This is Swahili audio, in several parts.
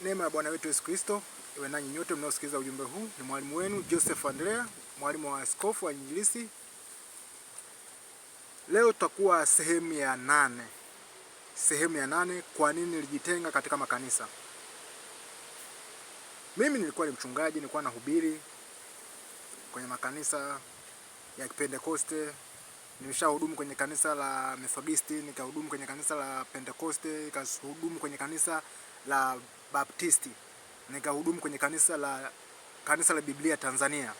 Neema ya Bwana wetu Yesu Kristo iwe nanyi nyote mnaosikiliza ujumbe huu. Ni mwalimu wenu Joseph Andrea, mwalimu wa askofu wa injilisi. Leo tutakuwa sehemu ya nane, sehemu ya nane, kwa nini nilijitenga katika makanisa. Mimi nilikuwa ni mchungaji, nilikuwa nahubiri kwenye makanisa ya nimesha Nimeshahudumu kwenye kanisa la Methodisti, nikahudumu kwenye kanisa la Pentekoste, nikahudumu kwenye kanisa la Baptisti, nikahudumu kwenye kanisa la kanisa la Biblia Tanzania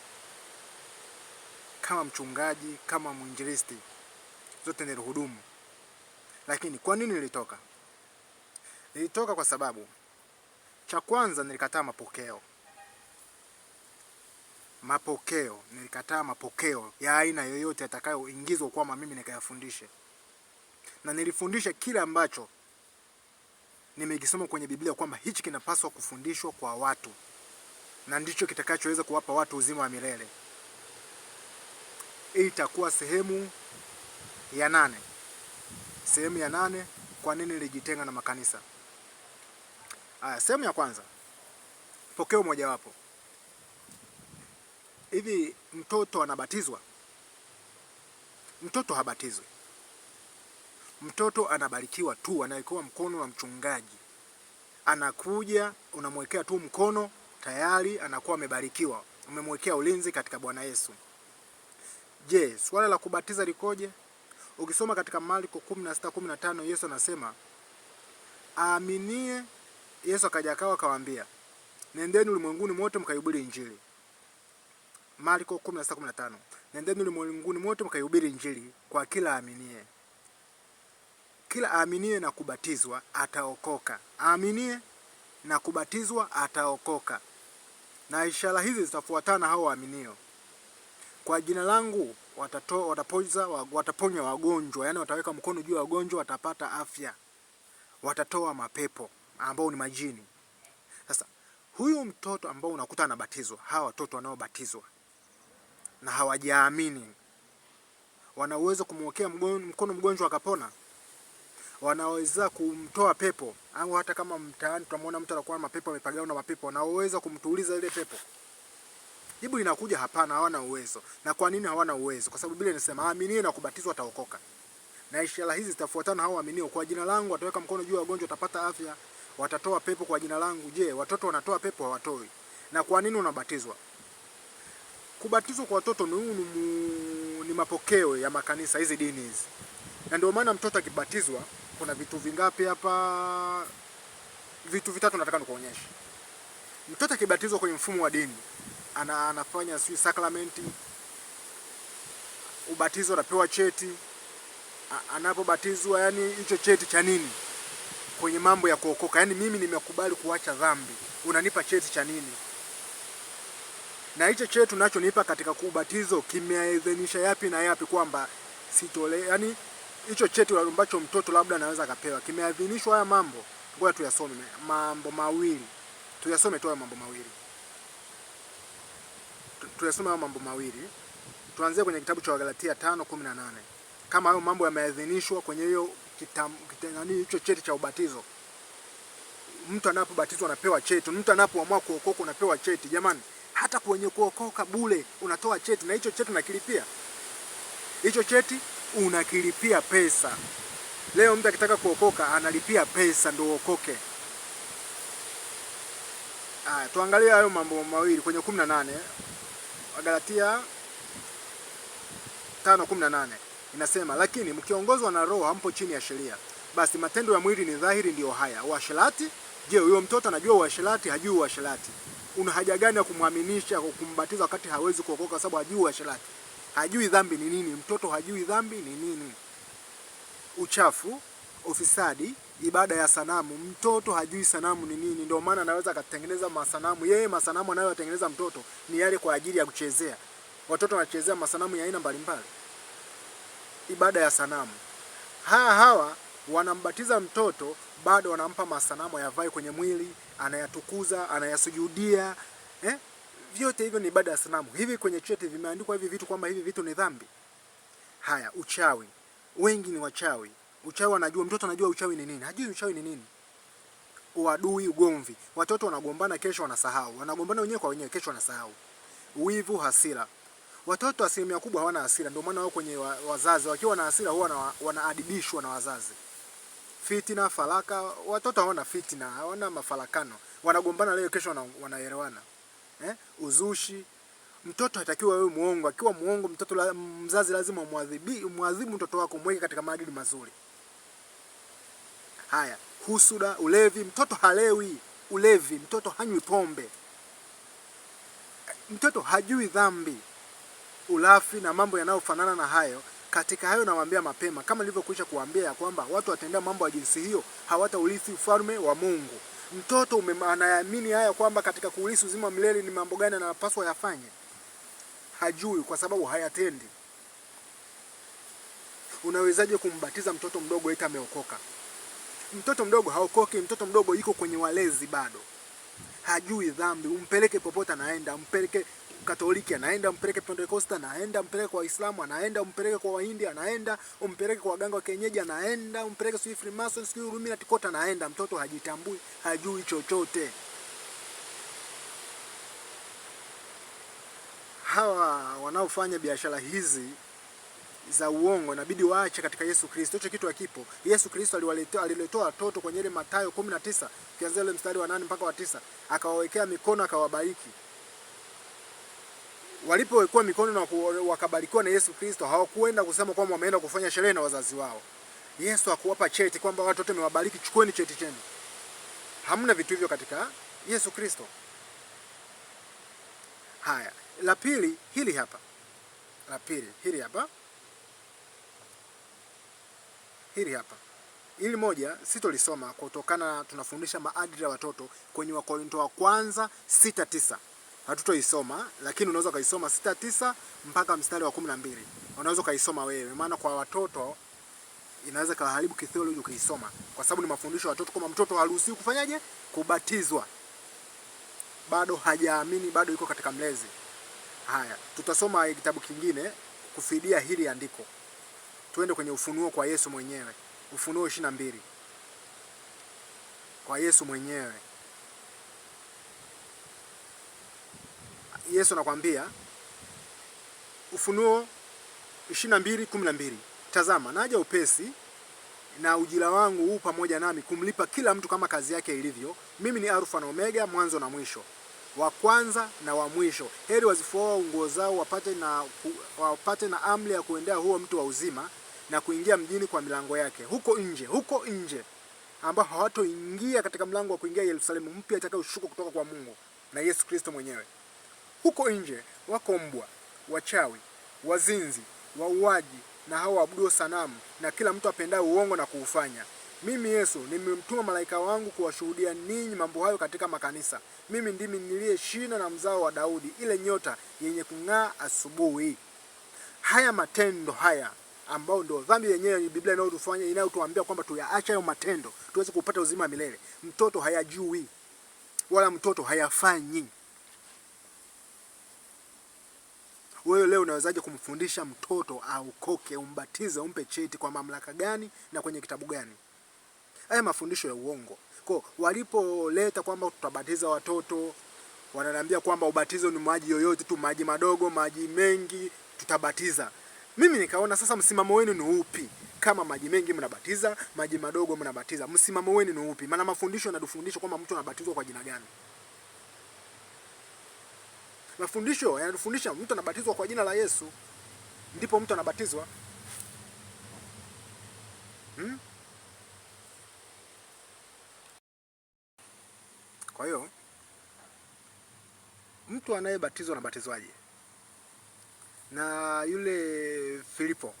kama mchungaji, kama mwinjilisti, zote nilihudumu. Lakini kwa nini nilitoka? Nilitoka kwa sababu cha kwanza, nilikataa mapokeo mapokeo nilikataa mapokeo ya aina yoyote yatakayoingizwa kwamba mimi nikayafundishe, na nilifundisha kile ambacho nimekisoma kwenye Biblia kwamba hichi kinapaswa kufundishwa kwa watu na ndicho kitakachoweza kuwapa watu uzima wa milele. Hii itakuwa sehemu ya nane, sehemu ya nane, kwa nini nilijitenga na makanisa aya Sehemu ya kwanza, pokeo mojawapo. Hivi mtoto anabatizwa? Mtoto habatizwi. Mtoto anabarikiwa tu, anawekewa mkono wa mchungaji, anakuja unamwekea tu mkono, tayari anakuwa amebarikiwa, umemwekea ulinzi katika Bwana Yesu. Je, swala la kubatiza likoje? Ukisoma katika Marko 16:15 Yesu anasema aaminie. Yesu akaja akawa akawaambia, nendeni ulimwenguni mote mkaihubiri Injili. Marko 16:15, nendeni ulimwenguni mote mkaihubiri Injili kwa kila aaminie kila aaminie na kubatizwa ataokoka. Aaminie na kubatizwa ataokoka, na ishara hizi zitafuatana hao waaminio. Kwa jina langu watato, watapoza, wataponya wagonjwa, yaani wataweka mkono juu ya wagonjwa, watapata afya, watatoa mapepo ambao ni majini. Sasa huyu mtoto ambao unakuta anabatizwa, hawa watoto wanaobatizwa na hawajaamini, wana uwezo kumwekea mkono mgonjwa akapona? wanaweza kumtoa pepo au hata kama mtaani tunamwona mtu anakuwa na mapepo amepagawa na mapepo, wanaoweza kumtuliza ile pepo? Jibu linakuja hapana, hawana uwezo. Na kwa nini hawana uwezo? Kwa sababu Biblia inasema aaminie na kubatizwa ataokoka, na ishara hizi zitafuatana hao waaminio, kwa jina langu wataweka mkono juu ya wagonjwa watapata afya, watatoa pepo kwa jina langu. Je, watoto wanatoa pepo? Hawatoi. Na kwa nini unabatizwa? Kubatizwa kwa watoto ni ni mapokeo ya makanisa hizi dini hizi, na ndio maana mtoto akibatizwa kuna vitu vingapi hapa? Vitu vitatu nataka nikuonyeshe. Mtoto akibatizwa kwenye mfumo wa dini ana, anafanya sijui sakramenti ubatizo, anapewa cheti anapobatizwa, yani hicho cheti cha nini kwenye mambo ya kuokoka? Yani mimi nimekubali kuacha dhambi, unanipa cheti cha nini? Na hicho cheti unachonipa katika kubatizo kimeaidhinisha yapi na yapi, kwamba sitole yani hicho cheti ambacho mtoto labda anaweza akapewa kimeadhinishwa. Haya mambo ngoja tuyasome, mambo mawili tuyasome tu, haya mambo mawili tuyasome, haya mambo mawili tuanzie kwenye kitabu cha Wagalatia 5:18 kama hayo mambo yameadhinishwa kwenye hiyo nani, hicho cheti cha ubatizo. Mtu anapobatizwa anapewa cheti, mtu anapoamua kuokoka unapewa cheti. Jamani, hata kwenye kuokoka bule unatoa cheti, na hicho cheti nakilipia hicho cheti unakilipia pesa. Leo mtu akitaka kuokoka analipia pesa ndio uokoke. Ah, tuangalie hayo mambo mawili kwenye kumi na nane Wagalatia tano kumi na nane inasema, lakini mkiongozwa na Roho hampo chini ya sheria. Basi matendo ya mwili ni dhahiri, ndiyo haya: uasherati. Je, huyo mtoto anajua uasherati? Hajui uasherati. Una haja gani ya kumwaminisha kumbatiza wakati hawezi kuokoka, sababu hajui uasherati? hajui dhambi ni nini, mtoto hajui dhambi ni nini, uchafu, ufisadi, ibada ya sanamu. Mtoto hajui sanamu ni nini, ndio maana anaweza akatengeneza masanamu yeye. Masanamu anayotengeneza mtoto ni yale kwa ajili ya kuchezea. Watoto wanachezea masanamu ya aina mbalimbali, ibada ya sanamu. Hawa hawa wanambatiza mtoto, bado wanampa masanamu, ayavae kwenye mwili, anayatukuza, anayasujudia eh? vyote hivyo ni ibada ya sanamu. Hivi kwenye cheti vimeandikwa hivi vitu kwamba hivi vitu ni dhambi? Haya, uchawi. Wengi ni wachawi. Uchawi anajua mtoto, anajua uchawi ni nini? Hajui uchawi ni nini. Uadui, ugomvi. Watoto wanagombana, kesho wanasahau. Wanagombana wenyewe kwa wenyewe, kesho wanasahau. Uivu, hasira. Watoto asilimia kubwa hawana hasira, ndio maana wao kwenye wazazi wakiwa na hasira huwa wanaadibishwa na wazazi. Fitina, faraka. Watoto hawana fitina, hawana mafarakano. Wanagombana leo, kesho wanaelewana. wana eh, uzushi. Mtoto hatakiwa wewe muongo. Akiwa muongo mtoto la, mzazi lazima muadhibu, muadhibu mtoto wako, mweke katika maadili mazuri. Haya, husuda, ulevi, mtoto halewi. Ulevi, mtoto hanywi pombe, mtoto hajui dhambi. Ulafi na mambo yanayofanana na hayo katika hayo nawaambia mapema, kama nilivyokwisha kuwaambia ya kwamba watu watendea mambo ya jinsi hiyo hawataurithi ufalme wa Mungu mtoto anaamini haya kwamba katika kuulisi uzima mlele ni mambo gani anapaswa yafanye, hajui kwa sababu hayatendi. Unawezaje kumbatiza mtoto mdogo eti ameokoka? Mtoto mdogo haokoki. Mtoto mdogo yuko kwenye walezi bado, hajui dhambi. Umpeleke popote anaenda, umpeleke Katoliki, anaenda mpeleke Pentekoste, anaenda mpeleke kwa Waislamu, anaenda mpeleke kwa Wahindi, anaenda mpeleke kwa waganga wa kienyeji, anaenda mpeleke sijui Freemason, sijui Illuminati, kote anaenda. Mtoto hajitambui, hajui chochote. Hawa wanaofanya biashara hizi za uongo inabidi waache katika Yesu Kristo. Hicho kitu hakipo. Yesu Kristo aliwaletea aliletoa watoto kwenye ile Mathayo 19 ukianzia ile mstari wa 8 mpaka wa 9, akawawekea mikono akawabariki walipowekwa mikono na wakabarikiwa na Yesu Kristo, hawakuenda kusema kwamba wameenda kufanya sherehe na wazazi wao. Yesu hakuwapa cheti kwamba watu wote mewabariki chukueni cheti chenu. Hamna vitu hivyo katika Yesu Kristo. Haya, la pili hili hapa, la pili hili hapa, hili hapa, ili moja sitolisoma kutokana, tunafundisha maadili ya watoto kwenye Wakorinto wa kwanza sita tisa hatutoisoma, lakini unaweza ukaisoma sita tisa mpaka mstari wa kumi na mbili unaweza ukaisoma wewe, maana kwa watoto inaweza kaharibu kitheolojia ukiisoma, kwa sababu ni mafundisho ya watoto. Kama mtoto haruhusiwi kufanyaje? Kubatizwa, bado hajaamini, bado yuko katika mlezi. Haya, tutasoma kitabu kingine kufidia hili andiko. Tuende kwenye ufunuo kwa Yesu mwenyewe, Ufunuo ishirini na mbili kwa Yesu mwenyewe. Yesu anakwambia Ufunuo 22:12, tazama naja upesi na ujira wangu huu pamoja nami kumlipa kila mtu kama kazi yake ilivyo. Mimi ni Alfa na Omega, mwanzo na mwisho, wa kwanza na wa mwisho. Heri wazifuao nguo zao wapate na, wapate na amri ya kuendea huo mtu wa uzima na kuingia mjini kwa milango yake. Huko nje, huko nje ambao hawatoingia katika mlango wa kuingia Yerusalemu mpya atakayoshuka kutoka kwa Mungu na Yesu Kristo mwenyewe. Huko nje wako mbwa, wachawi, wazinzi, wauaji na hao waabudu sanamu na kila mtu apendaye uongo na kuufanya. Mimi Yesu nimemtuma malaika wangu kuwashuhudia ninyi mambo hayo katika makanisa. Mimi ndimi niliye shina na mzao wa Daudi, ile nyota yenye kung'aa asubuhi. Haya matendo haya ambao ndio dhambi yenyewe Biblia inayotufanya inayotuambia kwamba tuyaache hayo matendo tuweze kupata uzima milele. Mtoto hayajui wala mtoto hayafanyi. Wewe leo unawezaje kumfundisha mtoto aokoke, umbatize, umpe cheti kwa mamlaka gani na kwenye kitabu gani? Haya mafundisho ya uongo. Kwa walipoleta kwamba tutabatiza watoto, wananiambia kwamba ubatizo ni maji yoyote tu, maji madogo, maji mengi, tutabatiza. Mimi nikaona sasa, msimamo wenu ni upi? Kama maji mengi mnabatiza, maji madogo mnabatiza, msimamo wenu ni upi? Maana mafundisho yanatufundisha kwamba mtu anabatizwa kwa jina gani. Mafundisho yanatufundisha mtu anabatizwa kwa jina la Yesu, ndipo mtu anabatizwa hmm? Kwa hiyo mtu anayebatizwa anabatizwaje? Na yule Filipo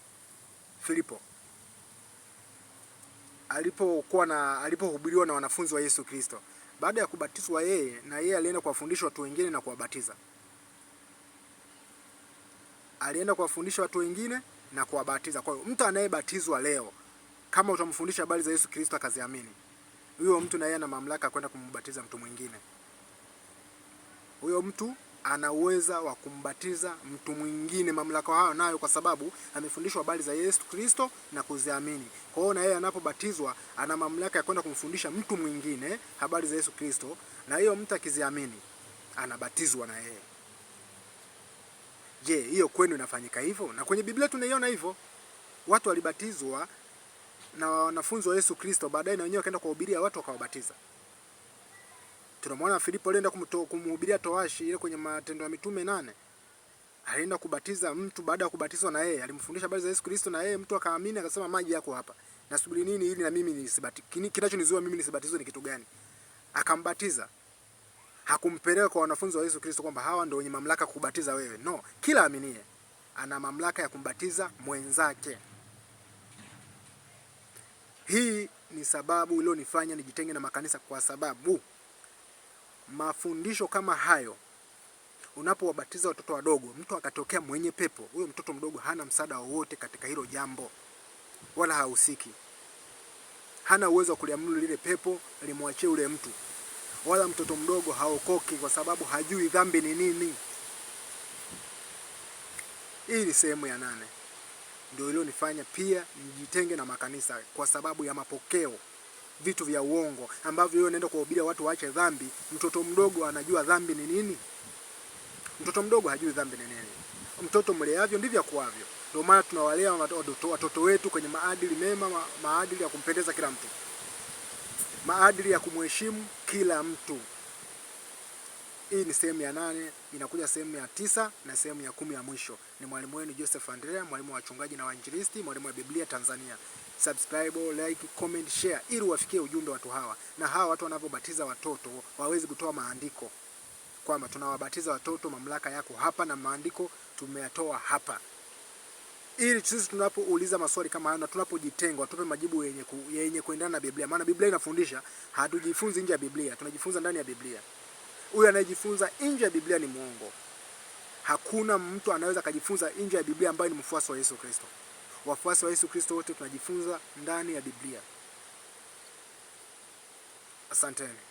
Filipo alipokuwa na alipohubiriwa na wanafunzi wa Yesu Kristo, baada ya kubatizwa yeye na yeye alienda kuwafundisha watu wengine na kuwabatiza alienda kuwafundisha watu wengine na kuwabatiza. Kwa hiyo mtu anayebatizwa leo, kama utamfundisha habari za Yesu Kristo akaziamini, huyo mtu naye ana mamlaka kwenda kumbatiza mtu mwingine. Huyo mtu ana uweza wa kumbatiza mtu mwingine, mamlaka hayo nayo, kwa sababu amefundishwa habari za Yesu Kristo na kuziamini. Kwa hiyo na yeye anapobatizwa ana mamlaka ya kwenda kumfundisha mtu mwingine habari za Yesu Kristo, na hiyo mtu akiziamini anabatizwa na yeye. Je, hiyo kwenu inafanyika hivyo? Na kwenye Biblia tunaiona hivyo, watu walibatizwa na wanafunzi wa Yesu Kristo, baadaye na wenyewe wakaenda kuwahubiria watu wakawabatiza. Tunamwona Filipo alienda kumhubiria toashi ile kwenye Matendo ya Mitume nane, alienda kubatiza mtu. Baada ya kubatizwa na yeye alimfundisha habari za Yesu Kristo, na yeye mtu akaamini, akasema maji yako hapa, nasubiri nini ili na mimi nisibatizwe? kinachonizuia mimi nisibatizwe ni kitu gani? Akambatiza hakumpeleka kwa wanafunzi wa Yesu Kristo kwamba hawa ndio wenye mamlaka kukubatiza wewe. No, kila aminie ana mamlaka ya kumbatiza mwenzake. Hii ni sababu iliyonifanya nijitenge na makanisa, kwa sababu mafundisho kama hayo, unapowabatiza watoto wadogo, mtu akatokea mwenye pepo, huyo mtoto mdogo hana msaada wowote katika hilo jambo, wala hahusiki, hana uwezo wa kuliamuru lile pepo limwachie ule mtu wala mtoto mdogo haokoki kwa sababu hajui dhambi ni nini. Hii ni sehemu ya nane, ndio iliyonifanya pia nijitenge na makanisa kwa sababu ya mapokeo, vitu vya uongo ambavyo hiyo naenda kuwahubiria watu waache dhambi. Mtoto mdogo anajua dhambi ni nini? Mtoto mdogo hajui dhambi ni nini. Mtoto mleavyo ndivyo akuavyo. Ndio maana tunawalea watoto wetu kwenye maadili mema, maadili ya kumpendeza kila mtu maadili ya kumheshimu kila mtu. Hii ni sehemu ya nane, inakuja sehemu ya tisa na sehemu ya kumi ya mwisho. Ni mwalimu wenu Joseph Andrea, mwalimu wa wachungaji na wainjilisti, mwalimu wa Biblia Tanzania. Subscribe, like, comment, share ili wafikie ujumbe watu hawa, na hawa watu wanavyobatiza watoto wawezi kutoa maandiko kwamba tunawabatiza watoto, mamlaka yako hapa, na maandiko tumeyatoa hapa ili sisi tunapouliza maswali kama hayo na tunapojitengwa tupe majibu yenye ku, yenye kuendana na Biblia, maana Biblia inafundisha, hatujifunzi nje ya Biblia, tunajifunza ndani ya Biblia. Huyu anayejifunza nje ya Biblia ni mwongo. Hakuna mtu anaweza akajifunza nje ya Biblia ambaye ni mfuasi wa Yesu Kristo. Wafuasi wa Yesu Kristo wote tunajifunza ndani ya Biblia. Asanteni.